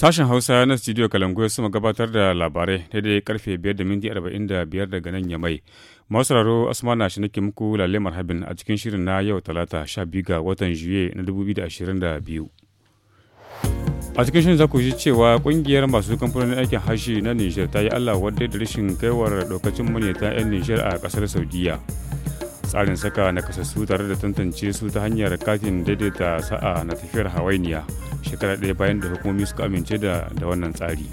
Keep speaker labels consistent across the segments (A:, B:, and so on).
A: Sashen Hausa na Studio Kalangoyo suma gabatar da labarai daidai karfe 5 da minti 45 daga nan Yamai. Masu raro Asmana shi nake muku lalle marhabin a cikin shirin na yau talata 12 ga watan Juye na 2022. a cikin shirin za ku ji cewa kungiyar masu kamfanonin aikin hashi na nijar ta yi allah wadda da rashin kaiwar daukacin maneta 'yan nijar a kasar saudiya tsarin saka na kasassu tare da tantance su ta hanyar katin daidaita sa'a na tafiyar hawainiya shekara ɗaya bayan da hukumomi suka amince da wannan tsari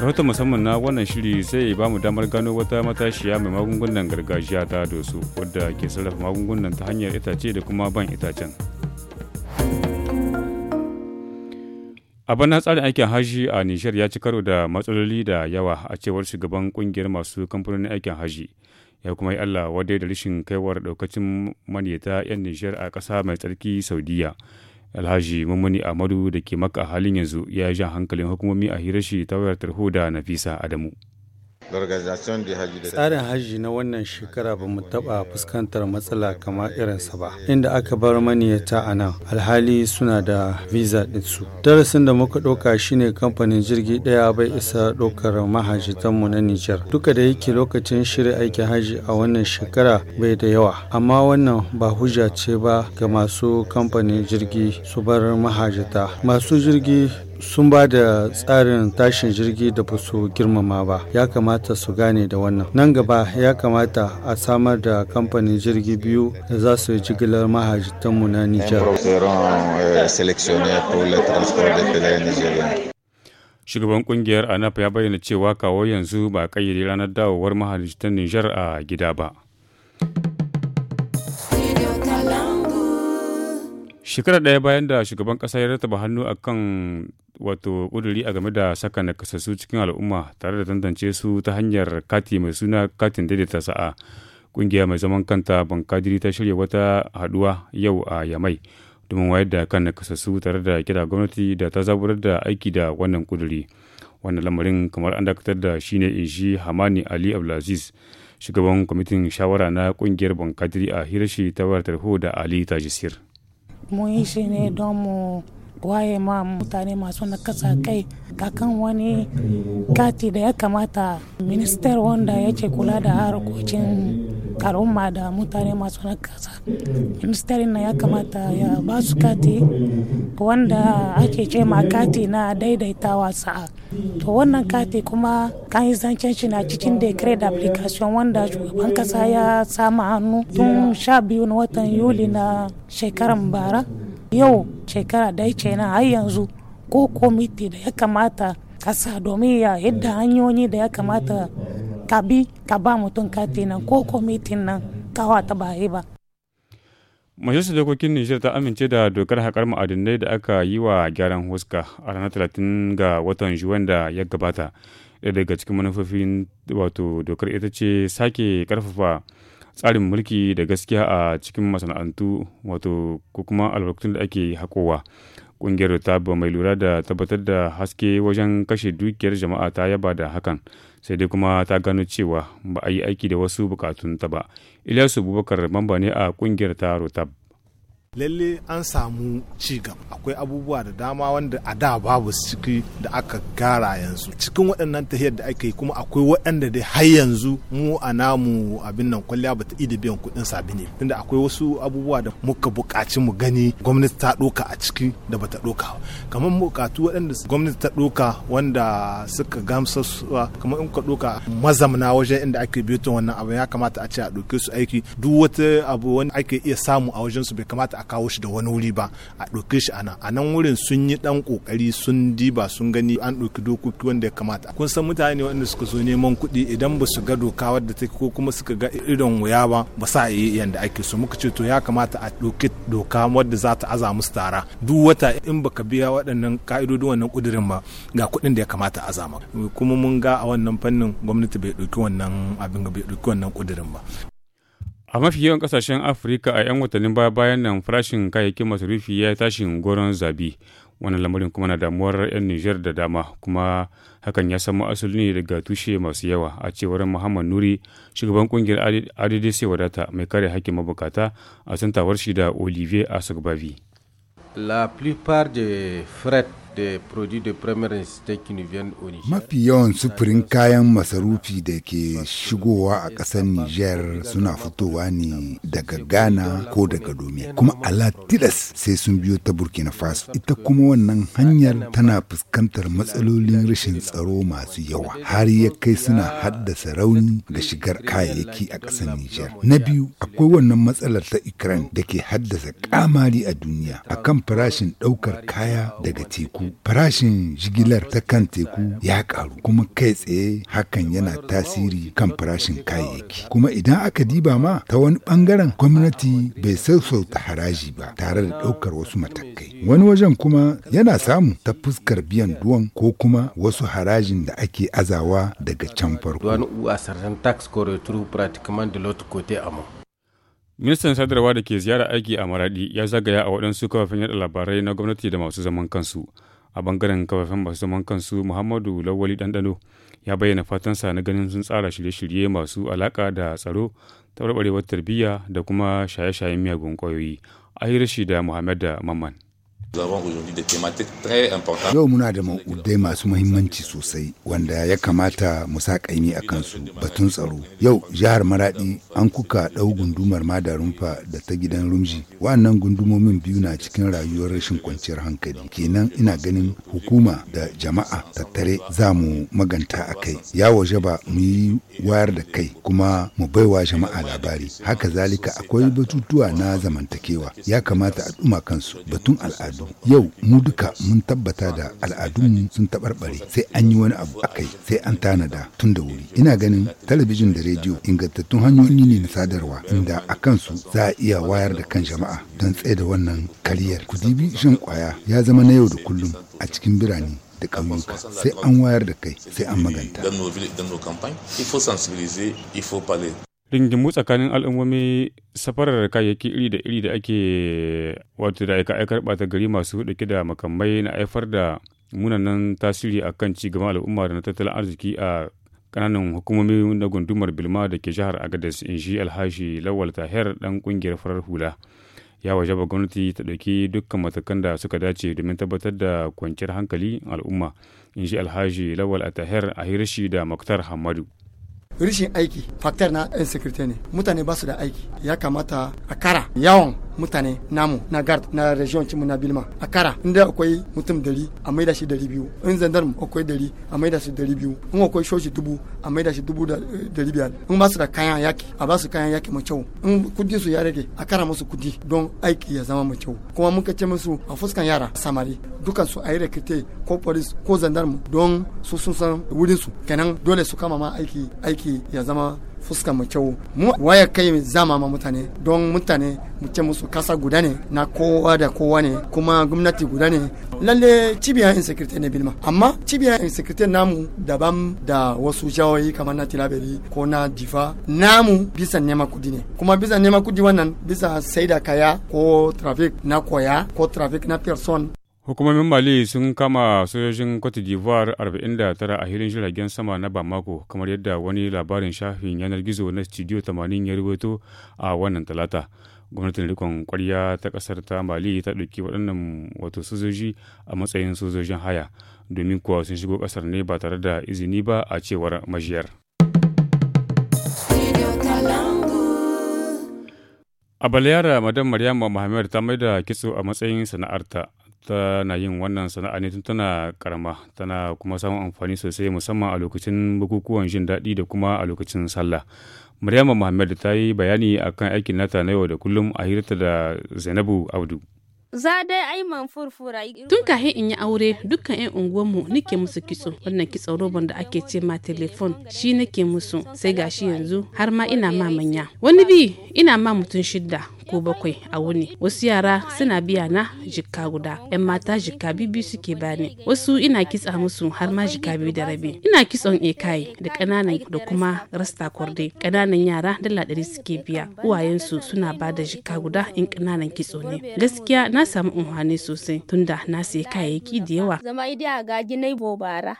A: rahoton musamman na wannan shiri sai ba mu damar gano wata matashiya mai magungunan gargajiya ta dosu wadda ke sarrafa magungunan ta hanyar itace da kuma ban itacen a bana tsarin aikin haji a nishar ya ci karo da matsaloli da yawa a cewar shugaban kungiyar masu kamfanonin aikin haji ya kuma yi allah wadai da rashin kaiwar daukacin maniyata 'yan nijar a ƙasa mai tsarki saudiya alhaji mummuni amadu da ke maka halin yanzu ya yi jan hankalin hukumomi a hirashi ta wayar tarho da nafisa adamu Tsarin hajji na wannan shekara ba mu taɓa fuskantar matsala kamar irinsa ba, inda aka bar maniyata a nan alhali suna da visa ɗinsu. Darasin da muka ɗauka shine kamfanin jirgi ɗaya bai isa ɗaukar mahajjitanmu na Nijar. Duka da yake lokacin shirya aikin hajji a wannan shekara bai da yawa, amma wannan ba hujja ce ba ga masu kamfanin jirgi su bar mahajjita. Masu jirgi sun ba da tsarin tashin jirgi da ba su girmama ba ya kamata su gane da wannan nan gaba ya kamata a samar da kamfanin jirgi biyu da za su yi jigilar mahajjitanmu na nijar eh, shugaban kungiyar anaf ya bayyana cewa kawo yanzu ba kayyade ranar dawowar mahajjitan nijar a gida ba shekara daya bayan da shugaban ƙasa ya rataba hannu a kan wato ƙuduri a game da saka nakasassu cikin al'umma tare da tantance su ta hanyar kati mai suna katin daidaita sa'a ƙungiya mai zaman kanta bankadiri ta shirya wata haɗuwa yau a yamai domin wayar da kan nakasassu tare da kira gwamnati da ta zaburar da aiki da wannan kuduri wannan lamarin kamar an dakatar da shine ne in shi hamani ali abdulaziz shugaban kwamitin shawara na ƙungiyar bankadiri a hirashi ta wayar tarho da ali tajisir mun shi ne don mu waye ma mutane masu nakasa kai kakan wani kati da ya kamata minister wanda yake kula da harkokin al'umma da mutane masu nakasa ministerin na ya kamata ya ba su kati wanda ake ce ma kati na daidaitawa sa'a
B: to wannan kati kuma kan yi zancen shi na cikin decree da application wanda shugaban kasa ya sama hannu tun sha biyu na watan yuli na shekaran bara yau shekara da na har yanzu ko komiti da ya kamata kasa domin ya yadda hanyoyi da ya kamata ka bi ka ba mutum kati nan ko komitin nan kawa ta ba ba
A: majalisar dokokin nijar ta amince da dokar haƙar ma'adinai da aka yi wa gyaran huska a ranar talatin ga watan juwan da ya gabata daga cikin manufofin wato dokar ita ce sake karfafa tsarin mulki da gaskiya a cikin masana'antu wato ko kuma albarkatun da ake haƙowa ƙungiyar ba mai lura da tabbatar da haske wajen kashe dukiyar jama'a ta yaba da hakan sai dai kuma ta gano cewa ba a yi aiki da wasu bukatun ta ba ilyasu bubakar mamba ne a ƙungiyar ta rotab
B: lalle an samu ci gaba akwai abubuwa da dama wanda a da babu ciki da aka gara yanzu cikin waɗannan tahiyar da ake kuma akwai waɗanda dai har yanzu mu a namu abin nan kwalliya ba ta ida biyan kuɗin ne tunda akwai wasu abubuwa da muka buƙaci mu gani gwamnati ta ɗoka a ciki da bata ɗoka kamar buƙatu waɗanda gwamnati ta ɗoka wanda suka gamsa kamar in ka ɗoka mazamna wajen inda ake biyo wannan abu ya kamata a ce a ɗauke su aiki duk wata abu wanda ake iya samu a wajen su bai kamata a kawo shi da wani wuri ba a ɗauke shi ana a nan wurin sun yi ɗan ƙoƙari sun diba sun gani an ɗauki dokoki wanda ya kamata kun san mutane waɗanda suka zo neman kuɗi idan ba su ga doka wadda take ko kuma suka ga irin wuya ba ba sa yi yanda ake so muka ce to ya kamata a ɗauki doka wadda za ta aza musu tara duk wata in baka biya waɗannan ka'idodin wannan ƙudurin ba ga kuɗin da ya kamata a zama kuma mun ga a wannan fannin gwamnati bai ɗauki wannan abin bai ɗauki wannan ƙudurin ba
A: A mafi yawan kasashen Afirka a 'yan watannin baya bayan nan farashin kayayyakin masarufi ya tashin goron zabi. Wannan lamarin kuma na damuwar 'yan Nijar da dama kuma hakan ya samu asali ne daga tushe masu yawa a cewar Muhammad Nuri shugaban kungiyar ADDC wadata mai kare hakkin mabukata a santawar shi da Olivier asagbavi
B: La plupart de fret da de première
C: Mafi yawan sufurin kayan masarufi da ke shigowa a ƙasar Niger suna fitowa ne daga Ghana ko daga Dome. Kuma ala tilas sai sun biyo ta Burkina Faso. Ita kuma wannan hanyar tana fuskantar matsalolin rashin tsaro masu yawa. Har ya kai suna haddasa rauni ga shigar kayayyaki a ƙasar Niger. Na biyu akwai wannan matsalar ta Ukraine da ke haddasa kamari a duniya akan farashin ɗaukar kaya daga teku. teku farashin jigilar ta kan teku ya karu kuma kai tsaye hakan yana tasiri kan farashin kayayyaki kuma idan aka diba ma ta wani bangaren gwamnati bai sassauta haraji ba tare da ɗaukar wasu matakai wani wajen kuma yana samu ta fuskar biyan duwan ko kuma
B: wasu harajin da ake azawa daga can farko
A: ministan sadarwa da ke ziyara aiki a maradi ya zagaya a waɗansu kafafen yada labarai na gwamnati da masu zaman kansu a bangaren kafafen masu zaman kansu muhammadu lawali dandano ya bayyana fatansa na ganin sun tsara shirye-shirye masu alaƙa da tsaro ta taɓarɓarewar tarbiyya da kuma shaye-shayen miyagun ƙwayoyi a shi da muhammad da mamman Yau
C: muna da ma'udai masu muhimmanci sosai wanda ya kamata mu sa ƙaimi a kansu batun tsaro. Yau jihar Maradi an kuka ɗau gundumar Madarumfa da ta gidan Rumji. Wannan gundumomin biyu na cikin rayuwar rashin kwanciyar hankali. Kenan ina ganin hukuma da jama'a tattare za mu maganta a kai. Ya waje ba mu yi wayar da kai kuma mu baiwa jama'a labari. Haka zalika akwai batutuwa na zamantakewa. Ya kamata a ɗuma kansu batun al'adu yau mu duka mun tabbata da al'adunmu sun taɓarɓare sai an yi wani abu akai sai an tanada tun da wuri ina ganin talabijin da rediyo ingantattun hanyoyi ne na sadarwa inda a kansu za a iya wayar da kan jama'a don tsaye da wannan kariyar kudibi shan kwaya ya zama na yau da kullum a cikin birane da ƙauyuka sai an wayar da kai sai an maganta
A: ringimu tsakanin al'ummomi safarar kayayyaki iri da iri da ake wato da aika-aikar gari masu ɗauke da makamai na haifar da munanan tasiri a kan ci cigaban al'umma da na tattalin arziki a kananan hukumomi na gundumar bilma da ke jihar agadez in shi alhashi lawal tahir dan kungiyar farar hula ya waje ba gwamnati ta ɗauki dukkan matakan da suka dace domin tabbatar da kwanciyar hankali al'umma in shi alhaji lawal tahir a shi da maktar hamadu
D: rishin aiki faktar na eh, 'yan ne mutane ba su da aiki ya kamata a kara yawan mutane namu na gard na region cimu na bilma a kara inda akwai mutum dari a maida shi dari biyu in zandarm akwai dari a maida shi dari biyu in akwai shoshi dubu a maida shi dubu dari eh, biyar in ba su da kayan yaki a ba su kayan yaki mai kyau in kudi su ya rage a kara musu kudi don aiki ya zama mai kyau kuma muka ce musu a fuskan yara samari dukan su a yi rekite ko police ko zandarm don su sun san wurin su kenan dole su kama ma aiki aiki ya zama fuska mu kyau mu waya kai zama ma mutane don mutane mu ce musu kasa guda ne na kowa da kowa ne kuma gwamnati guda ne lalle cibiyar insecurity ne bilma amma cibiyar insecurity namu daban da wasu jawoyi kamar na tilaberi ko na difa namu bisa nema kudi ne kuma bisa nema kudi wannan bisa sai da kaya ko traffic na koya ko traffic na person
A: Hukumomin Mali sun kama sojojin Cote d'Ivoire 49 a hirin jiragen sama na Bamako kamar yadda wani labarin shafin yanar gizo na Studio 80 ya rubuto a wannan talata. Gwamnatin rikon kwarya ta kasar ta Mali ta ɗauki waɗannan wato sojoji a matsayin sojojin haya domin kuwa sun shigo ƙasar ne ba tare da izini ba a cewar majiyar. A Balayara, Madam Maryama Muhammad ta maida kitso a matsayin sana'arta tana yin wannan sana'a ne tun tana karama tana kuma samun amfani sosai musamman a lokacin bukukuwan jin daɗi da kuma a lokacin sallah maryama muhammad ta yi bayani akan aikin nata na yau da kullum a hirta da zainabu abdu
E: za dai man furfura tun kahin in yi aure dukkan yan unguwanmu nake musu kitso wannan kitson roban da ake ce ma telefon shi nake musu sai gashi yanzu har ma ina ma manya wani bi ina ma mutum shidda ko bakwai a wuni wasu yara suna biya na jikka guda yan mata jikka bibi suke bani wasu ina kitsa musu har ma jikka biyu da rabi ina kitson ekai da kananan da kuma rasta kwardai kananan yara dala ɗari suke biya uwayensu suna ba da jikka guda in kananan kitso ne gaskiya na samu unhwani sosai tunda na sayi kayayyaki da yawa. Zama idi a gagi na bara.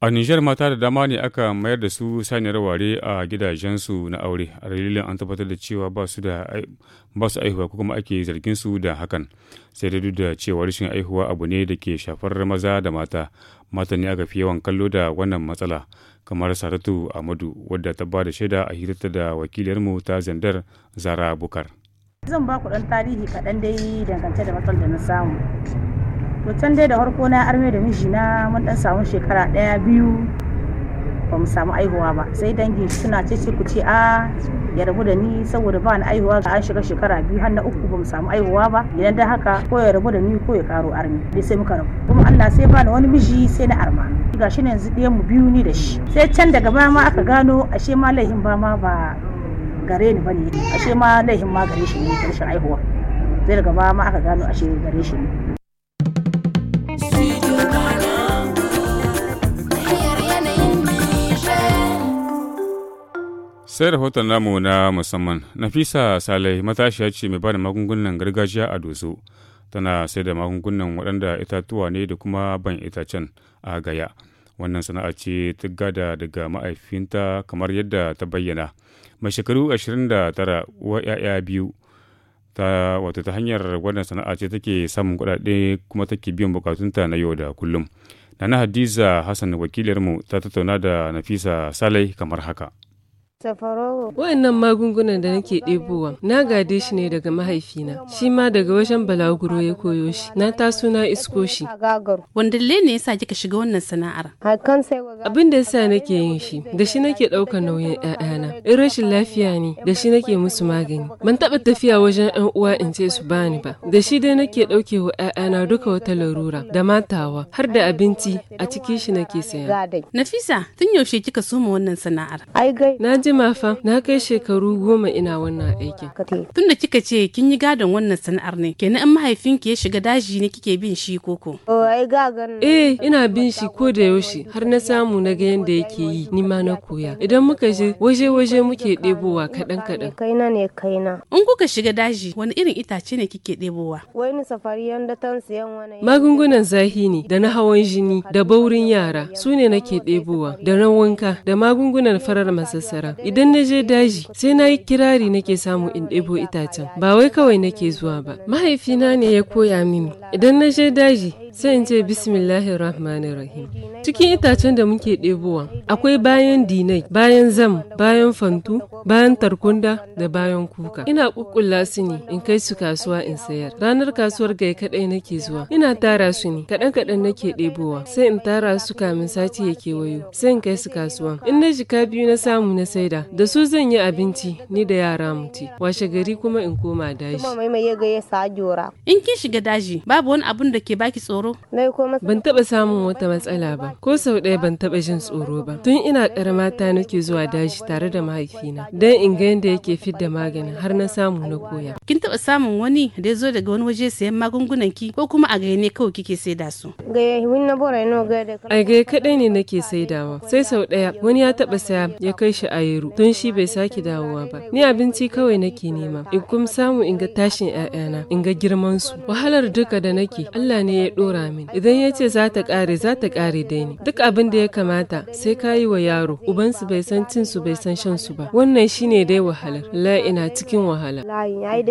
A: A Nijar mata da dama ne aka mayar da su sanyar ware a gidajensu na aure a dalilin an tabbatar da cewa ba su aihuwa ko kuma ake zargin su da hakan sai da duk da cewa rashin aihuwa abu ne da ke shafar maza da mata mata ne aka fi yawan kallo da wannan matsala kamar Saratu Amadu wadda ta ba da shaida a hirarta da wakiliyarmu ta Zandar Zara Bukar.
B: zan ba ku dan tarihi kaɗan dai dangance da matsalar da na samu to can dai da farko na arme da mijina mun dan samu shekara daya biyu ba mu samu aihuwa ba sai dangi suna ce ku ce a ya rabu da ni saboda ba ni aihuwa ga an shiga shekara biyu har na uku ba mu samu aihuwa ba idan da haka ko ya rabu da ni ko ya karo arme dai sai muka rabu kuma Allah sai bani wani miji sai na arma ga shi yanzu ɗayan mu biyu ni da shi sai can daga baya ma aka gano ashe ma laifin ba ma ba gare ni bane ashe ma laihin ma gare shi ne rashin haihuwa zai daga ba ma aka gano ashe gare shi ne
A: sai rahoton namu na musamman nafisa salai matashiya ce mai bada magungunan gargajiya a doso tana sai da magungunan waɗanda itatuwa ne da kuma ban itacen a gaya wannan sana'a ce ta gada daga ma'aifinta kamar yadda ta bayyana mai shekaru 29 wa 'ya'ya biyu ta wato ta hanyar wannan sana'a ce take samun kuɗaɗe kuma take biyan bukatunta na yau da kullum nana hadiza hassan wakilarmu ta tattauna da nafisa salai kamar haka
E: Wa'annan magungunan da nake ɗebowa na gade shi ne daga mahaifina, shi ma daga wajen balaguro ya koyo shi, na taso na isko shi. Wanda ne yasa kika shiga wannan sana'ar? Abin da yasa nake yin shi, da shi nake ɗaukar nauyin ‘ya'yana, in rashin lafiya ne, da shi nake musu magani. Ban taɓa tafiya wajen ‘yan uwa in ce su bani ba, da shi dai nake ɗauke wa ‘ya'yana duka wata larura, da matawa, har da abinci a cikin shi nake saya. Nafisa, tun yaushe kika soma wannan sana'ar? Na ji ma fa na kai shekaru goma ina wannan aikin. Tunda kika ce kin yi gadon wannan sana'ar ne, kenan in mahaifinki ya shiga daji ne kike bin shi koko? Oh, eh, ina bin shi ko da yaushe har na samu na ga yadda yake yi ni ma na koya. Idan muka je waje-waje muke ɗebowa kaɗan-kaɗan. Kaina ne kaina. In kuka shiga daji wani irin itace ne kike ɗebowa? Wani safari yanda tan siyan wani. Magungunan zahi ne da na hawan jini da baurin yara su ne nake ɗebowa da na wanka da magungunan farar masassara. idan na je daji sai na yi kirari nake samu in ɗebo itacen ba wai kawai nake zuwa ba mahaifina ne ya koya mini idan na je daji Sai in ce bismillahir rahmanir rahim. Cikin itacen da muke ɗebowa akwai bayan dinai, bayan zam, bayan fantu, bayan tarkunda da bayan kuka. Ina kukkulla su ne in kai su kasuwa in sayar. Ranar kasuwar gai kadai nake zuwa. Ina tara su ne kaɗan kaɗan nake ɗebowa. Sai in tara su kamin sati ya kewayo. Sai in kai su kasuwa. In na jika biyu na samu na saida. Da su zan yi abinci ni da yara mu ci. Washe gari kuma in koma daji. In kin shiga daji babu wani abun da ke baki tsoro tsoro? Ban taɓa samun wata matsala ba, ko sau ɗaya ban taɓa jin tsoro ba. Tun ina ƙarama ta nake zuwa daji tare da mahaifina, don in ga yadda yake fidda maganin har na samu na koya. Kin taɓa samun wani da ya zo daga wani waje sayan magungunan ki ko kuma a gaya ne kawai kike saida su? A gaya kaɗai ne nake saidawa, sai sau ɗaya wani ya taɓa saya ya kai shi a yaro, tun shi bai sake dawowa ba. Ni abinci kawai nake nema, in kuma samu in ga tashin 'ya'yana, in ga girmansu. Wahalar duka da nake, Allah ne ya ɗora ɗora min idan ya ce za ta ƙare za ta ƙare dai ni duk abin da ya kamata sai ka yi wa yaro ubansu bai san cin su bai san shan su ba wannan shine dai wahalar la ina cikin wahala layin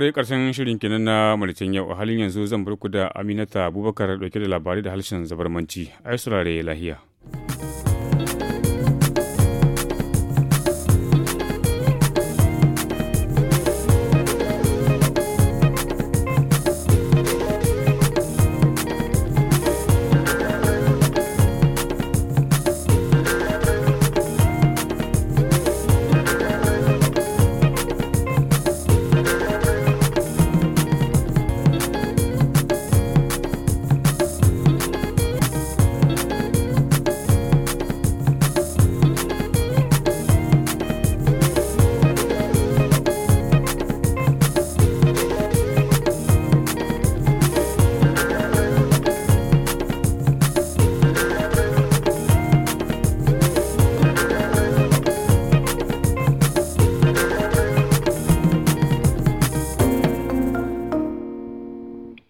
A: yayi karshen shirin kenan na malicin yau a halin yanzu zan ku da aminata abubakar dauke da labarai da harshen zabarmanci ai surare lahiya